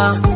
Bye.